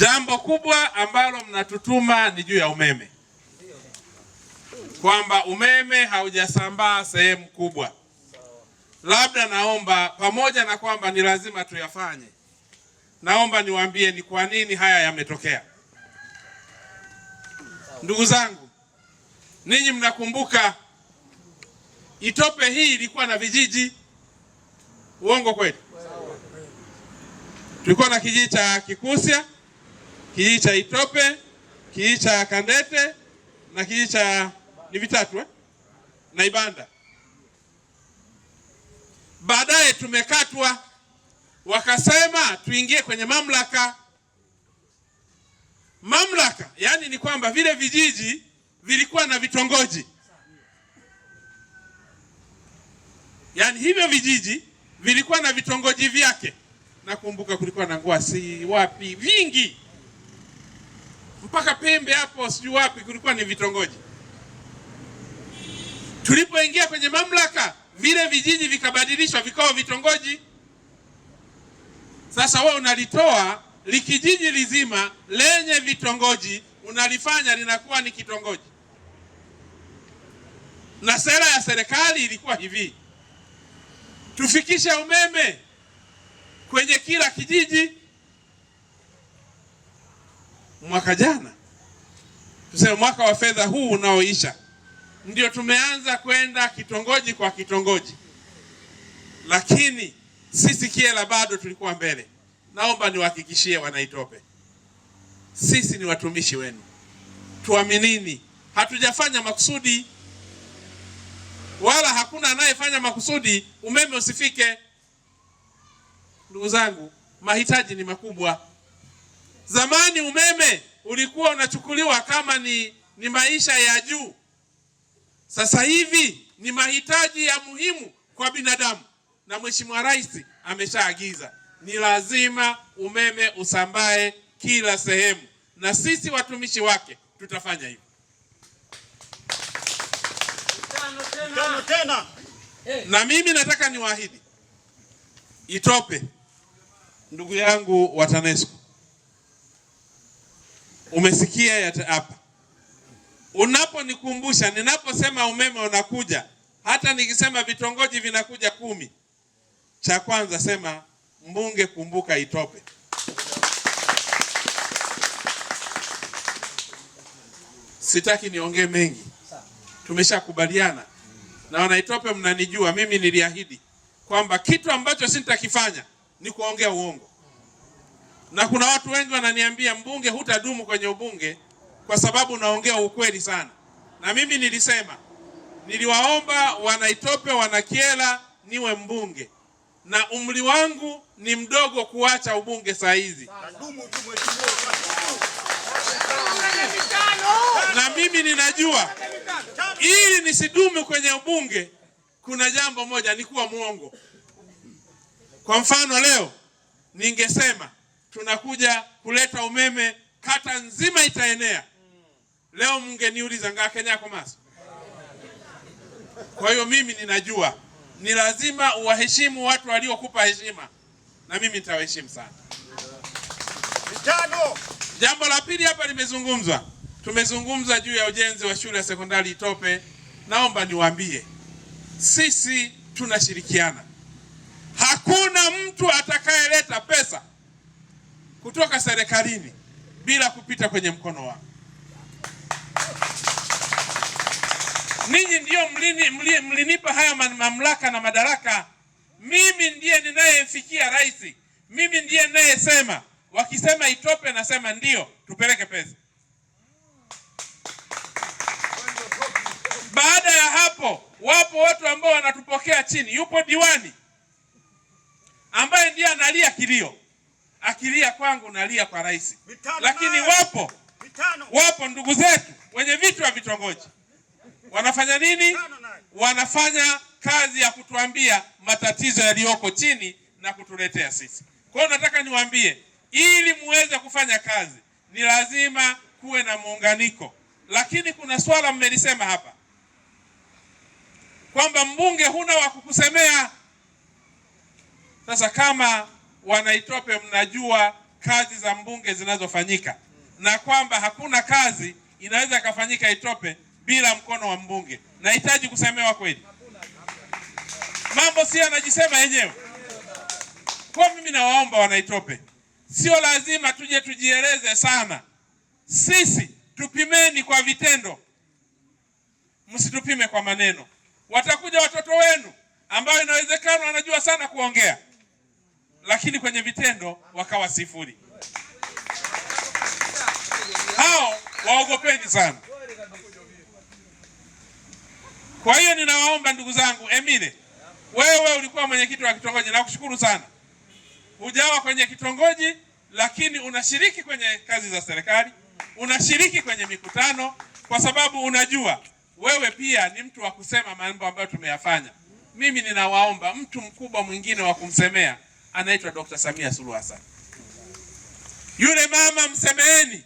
Jambo kubwa ambalo mnatutuma ni juu ya umeme, kwamba umeme haujasambaa sehemu kubwa. Labda naomba pamoja na kwamba ni lazima tuyafanye, naomba niwaambie ni kwa nini haya yametokea. Ndugu zangu, ninyi mnakumbuka Itope hii ilikuwa na vijiji, uongo kweli? Tulikuwa na kijiji cha Kikusya kijiji cha Itope, kijiji cha Kandete na kijiji cha ni vitatu eh? na Ibanda. Baadaye tumekatwa, wakasema tuingie kwenye mamlaka. Mamlaka yani ni kwamba vile vijiji vilikuwa na vitongoji, yani hivyo vijiji vilikuwa na vitongoji vyake. Nakumbuka kulikuwa na Ngwasi, wapi, vingi mpaka Pembe hapo sijui wapi kulikuwa ni vitongoji. Tulipoingia kwenye mamlaka, vile vijiji vikabadilishwa vikawa vitongoji. Sasa wewe unalitoa likijiji lizima lenye vitongoji, unalifanya linakuwa ni kitongoji. Na sera ya serikali ilikuwa hivi, tufikishe umeme kwenye kila kijiji mwaka jana, tuseme mwaka wa fedha huu unaoisha, ndio tumeanza kwenda kitongoji kwa kitongoji, lakini sisi Kyela bado tulikuwa mbele. Naomba niwahakikishie wanaitope, sisi ni watumishi wenu, tuaminini. Hatujafanya makusudi, wala hakuna anayefanya makusudi umeme usifike. Ndugu zangu, mahitaji ni makubwa. Zamani umeme ulikuwa unachukuliwa kama ni, ni maisha ya juu. Sasa hivi ni mahitaji ya muhimu kwa binadamu, na Mheshimiwa Rais ameshaagiza ni lazima umeme usambae kila sehemu, na sisi watumishi wake tutafanya hivyo. Eh. Na mimi nataka niwaahidi Itope, ndugu yangu wa TANESCO Umesikia hapa unaponikumbusha, ninaposema umeme unakuja, hata nikisema vitongoji vinakuja kumi, cha kwanza sema mbunge, kumbuka Itope. Sitaki niongee mengi, tumeshakubaliana na wanaitope, mnanijua mimi niliahidi kwamba kitu ambacho sitakifanya ni kuongea uongo na kuna watu wengi wananiambia, mbunge, hutadumu kwenye ubunge kwa sababu naongea ukweli sana. Na mimi nilisema, niliwaomba Wanaitope, wanakiela niwe mbunge na umri wangu ni mdogo kuacha ubunge saa hizi, na mimi ninajua ili nisidumu kwenye ubunge kuna jambo moja, ni kuwa mwongo. Kwa mfano leo ningesema tunakuja kuleta umeme kata nzima itaenea. Leo mngeniuliza ngaa Kenya maso. Kwa hiyo mimi ninajua ni lazima uwaheshimu watu waliokupa heshima, na mimi nitawaheshimu sana. Jambo la pili hapa limezungumzwa, tumezungumza juu ya ujenzi wa shule ya sekondari Itope. Naomba niwaambie, sisi tunashirikiana, hakuna mtu atakayeleta pesa kutoka serikalini bila kupita kwenye mkono wangu. Ninyi ndio mlini, mlini, mlinipa haya mamlaka na madaraka. Mimi ndiye ninayefikia rais, mimi ndiye ninayesema, wakisema itope, nasema ndio, tupeleke pesa. Baada ya hapo, wapo watu ambao wanatupokea chini. Yupo diwani ambaye ndiye analia kilio akilia kwangu nalia kwa rais. Lakini wapo wapo ndugu zetu wenye vitu wa vitongoji wanafanya nini? Wanafanya kazi ya kutuambia matatizo yaliyoko chini na kutuletea sisi. Kwa hiyo nataka niwaambie, ili muweze kufanya kazi ni lazima kuwe na muunganiko. Lakini kuna swala mmelisema hapa kwamba mbunge huna wa kukusemea. Sasa kama Wanaitope, mnajua kazi za mbunge zinazofanyika na kwamba hakuna kazi inaweza ikafanyika Itope bila mkono wa mbunge. Nahitaji kusemewa kweli, mambo si anajisema yenyewe. Kwa mimi nawaomba wanaitope, sio lazima tuje tujieleze sana sisi, tupimeni kwa vitendo, msitupime kwa maneno. Watakuja watoto wenu ambao inawezekana wanajua sana kuongea lakini kwenye vitendo wakawa sifuri. Hao waogopeni sana. Kwa hiyo ninawaomba ndugu zangu, Emile, wewe ulikuwa mwenyekiti wa kitongoji, nakushukuru sana. Hujawa kwenye kitongoji, lakini unashiriki kwenye kazi za serikali, unashiriki kwenye mikutano, kwa sababu unajua wewe pia ni mtu wa kusema mambo ambayo tumeyafanya. Mimi ninawaomba mtu mkubwa mwingine wa kumsemea anaitwa Dr. Samia Suluhu Hassan. Yule mama msemeeni,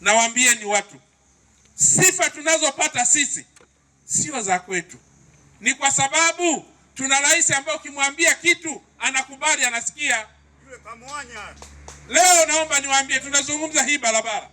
nawaambieni watu, sifa tunazopata sisi sio za kwetu, ni kwa sababu tuna rais ambaye ukimwambia kitu anakubali, anasikia. Leo naomba niwaambie, tunazungumza hii barabara,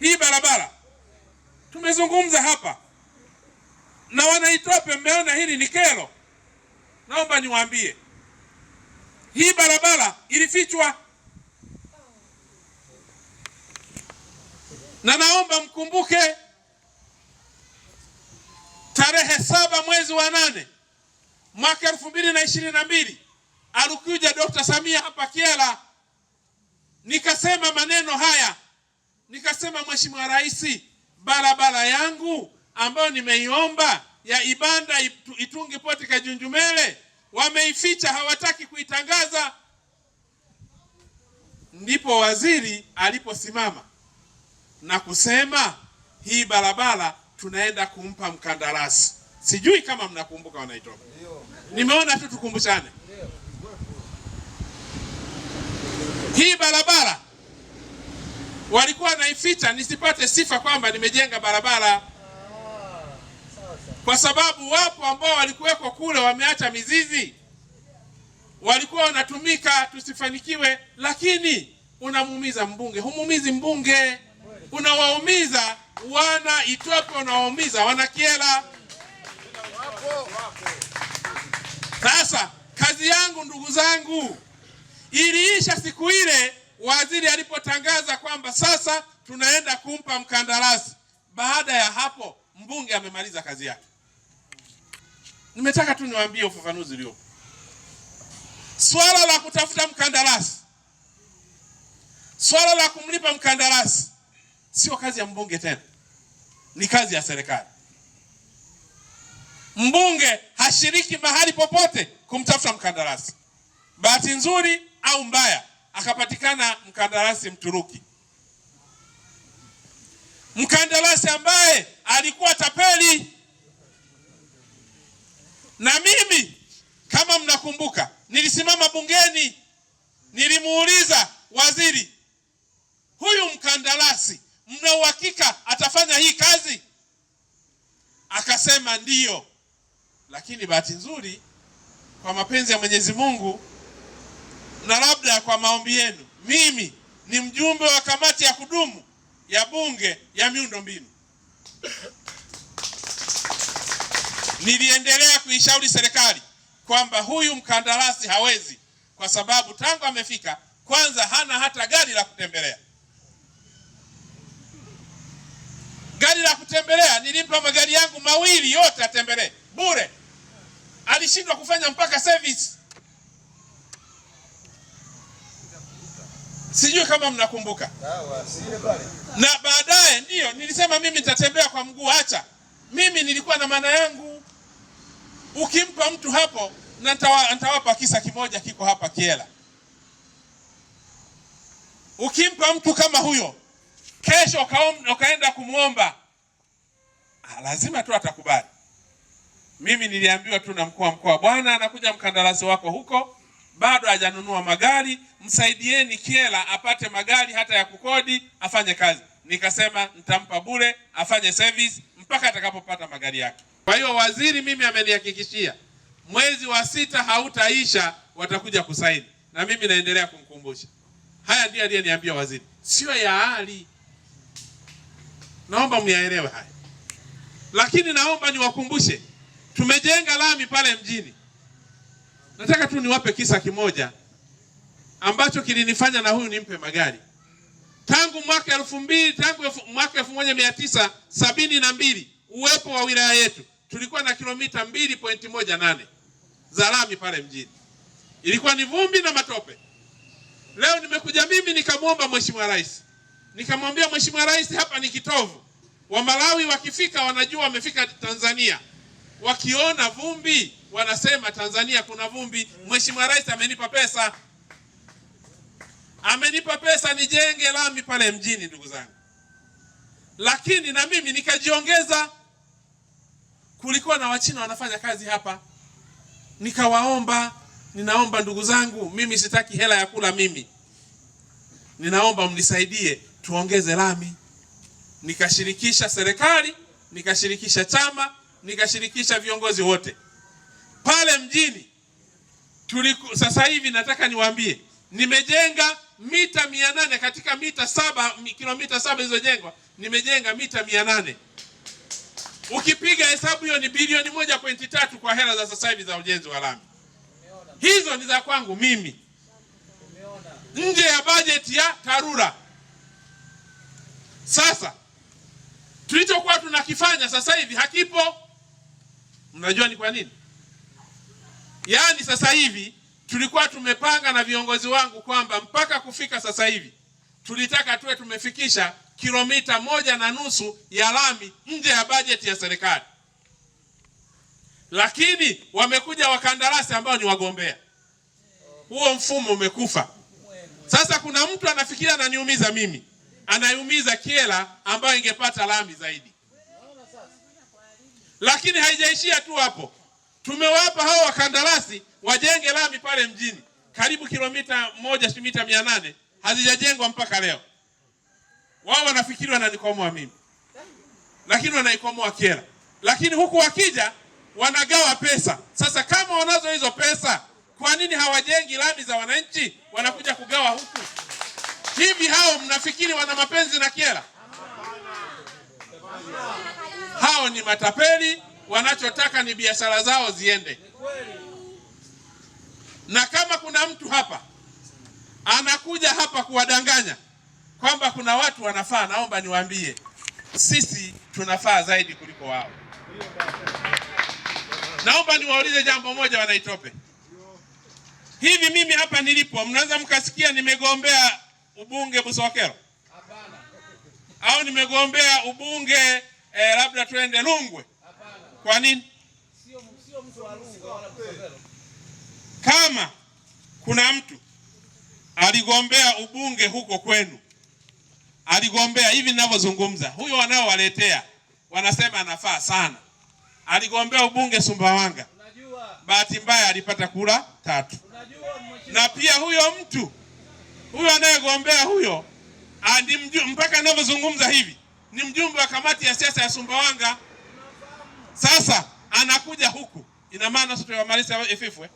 hii barabara tumezungumza hapa na wanaitoa pembeni, na hili ni kero naomba niwaambie, hii barabara ilifichwa, na naomba mkumbuke tarehe saba mwezi wa nane mwaka elfu mbili na ishirini na mbili alikuja Dokta Samia hapa kiela nikasema maneno haya, nikasema Mheshimiwa Rais, barabara yangu ambayo nimeiomba ya Ibanda Itungi Poti Kajunjumele wameificha, hawataki kuitangaza. Ndipo waziri aliposimama na kusema hii barabara tunaenda kumpa mkandarasi. Sijui kama mnakumbuka wanaitoka, nimeona tu tukumbushane. Hii barabara walikuwa naificha nisipate sifa kwamba nimejenga barabara kwa sababu wapo ambao walikuwekwa kule wameacha mizizi, walikuwa wanatumika tusifanikiwe, lakini unamuumiza mbunge, humuumizi mbunge, unawaumiza wana Itwepe, unawaumiza wana Sasa kazi yangu ndugu zangu iliisha siku ile waziri alipotangaza kwamba sasa tunaenda kumpa mkandarasi. Baada ya hapo mbunge amemaliza kazi yake. Nimetaka tu niwaambie ufafanuzi uliopo. Swala la kutafuta mkandarasi, swala la kumlipa mkandarasi sio kazi ya mbunge tena, ni kazi ya serikali. Mbunge hashiriki mahali popote kumtafuta mkandarasi. Bahati nzuri au mbaya, akapatikana mkandarasi Mturuki, mkandarasi ambaye alikuwa tapeli na mimi kama mnakumbuka, nilisimama bungeni, nilimuuliza waziri, huyu mkandarasi mna uhakika atafanya hii kazi? Akasema ndiyo. Lakini bahati nzuri, kwa mapenzi ya Mwenyezi Mungu na labda kwa maombi yenu, mimi ni mjumbe wa kamati ya kudumu ya Bunge ya miundombinu Niliendelea kuishauri serikali kwamba huyu mkandarasi hawezi, kwa sababu tangu amefika, kwanza hana hata gari la kutembelea. Gari la kutembelea nilimpa magari yangu mawili yote atembelee bure, alishindwa kufanya mpaka service. Sijui kama mnakumbuka. Na baadaye ndiyo nilisema mimi nitatembea kwa mguu, acha mimi nilikuwa na maana yangu Ukimpa mtu hapo, na nitawapa kisa kimoja kiko hapa Kiela. Ukimpa mtu kama huyo, kesho ukaenda kumwomba, ah, lazima tu atakubali. Mimi niliambiwa tu na mkuu wa mkoa, bwana, anakuja mkandarasi wako huko bado hajanunua magari, msaidieni Kiela apate magari hata ya kukodi afanye kazi. Nikasema nitampa bure afanye service mpaka atakapopata magari yake. Kwa hiyo waziri mimi amenihakikishia mwezi wa sita hautaisha, watakuja kusaini, na mimi naendelea kumkumbusha haya. Ndiyo aliyeniambia waziri, sio ya hali. Naomba mniaelewe haya, lakini naomba niwakumbushe, tumejenga lami pale mjini. Nataka tu niwape kisa kimoja ambacho kilinifanya na huyu nimpe magari tangu mwaka elfu mbili tangu mwaka elfu moja mia tisa sabini na mbili uwepo wa wilaya yetu tulikuwa na kilomita mbili pointi moja nane za lami pale mjini, ilikuwa ni vumbi na matope. Leo nimekuja mimi nikamwomba Mheshimiwa Rais, nikamwambia Mheshimiwa Rais, hapa ni kitovu. Wamalawi wakifika wanajua wamefika Tanzania, wakiona vumbi wanasema Tanzania kuna vumbi. Mheshimiwa Rais amenipa pesa, amenipa pesa nijenge lami pale mjini, ndugu zangu, lakini na mimi nikajiongeza kulikuwa na Wachina wanafanya kazi hapa, nikawaomba, ninaomba ndugu zangu, mimi sitaki hela ya kula mimi, ninaomba mnisaidie tuongeze lami. Nikashirikisha serikali, nikashirikisha chama, nikashirikisha viongozi wote pale mjini tuliku. Sasa hivi nataka niwaambie, nimejenga mita mia nane katika mita saba kilomita saba zilizojengwa, nimejenga mita mia nane. Ukipiga hesabu hiyo ni bilioni moja pointi tatu kwa hela za sasa hivi za ujenzi wa lami. Hizo ni za kwangu mimi, nje ya bajeti ya TARURA. Sasa tulichokuwa tunakifanya sasa hivi hakipo. Mnajua ni kwa nini? Yaani sasa hivi tulikuwa tumepanga na viongozi wangu kwamba mpaka kufika sasa hivi tulitaka tuwe tumefikisha kilomita moja na nusu ya lami nje ya bajeti ya serikali, lakini wamekuja wakandarasi ambao ni wagombea. Huo mfumo umekufa. Sasa kuna mtu anafikiria ananiumiza mimi, anaiumiza Kyela ambayo ingepata lami zaidi. Lakini haijaishia tu hapo, tumewapa hao wakandarasi wajenge lami pale mjini karibu kilomita moja, shimita mia nane hazijajengwa mpaka leo. Wao wanafikiri wananikomoa mimi, lakini wanaikomoa Kyela. Lakini huku wakija wanagawa pesa. Sasa kama wanazo hizo pesa, kwa nini hawajengi lami za wananchi? Wanakuja kugawa huku. Hivi hao mnafikiri wana mapenzi na Kyela? Hao ni matapeli, wanachotaka ni biashara zao ziende. Na kama kuna mtu hapa Anakuja hapa kuwadanganya kwamba kuna watu wanafaa. Naomba niwaambie, sisi tunafaa zaidi kuliko wao. Naomba niwaulize jambo moja, Wanaitope, hivi mimi hapa nilipo, mnaweza mkasikia nimegombea ubunge Busokero au nimegombea ubunge eh, labda tuende Lungwe? Kwa nini? Kama kuna mtu aligombea ubunge huko kwenu, aligombea hivi ninavyozungumza. Huyo wanaowaletea wanasema anafaa sana, aligombea ubunge Sumbawanga, bahati mbaya alipata kura tatu. Na pia huyo mtu huyo anayegombea huyo ni mpaka anavyozungumza hivi ni mjumbe wa kamati ya siasa ya Sumbawanga. Sasa anakuja huku, ina maana sote wamaliza ififwe.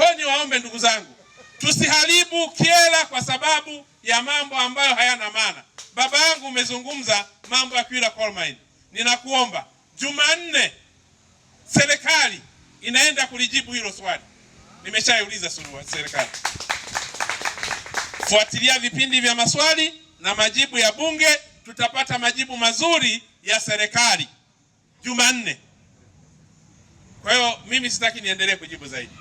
Kwa hiyo niwaombe ndugu zangu, tusiharibu Kyela kwa sababu ya mambo ambayo hayana maana. Baba yangu, umezungumza mambo ya Kyela coal mine. Ninakuomba Jumanne serikali inaenda kulijibu hilo swali, nimeshaiuliza serikali. Fuatilia vipindi vya maswali na majibu ya Bunge, tutapata majibu mazuri ya serikali Jumanne. Kwa hiyo mimi sitaki niendelee kujibu zaidi.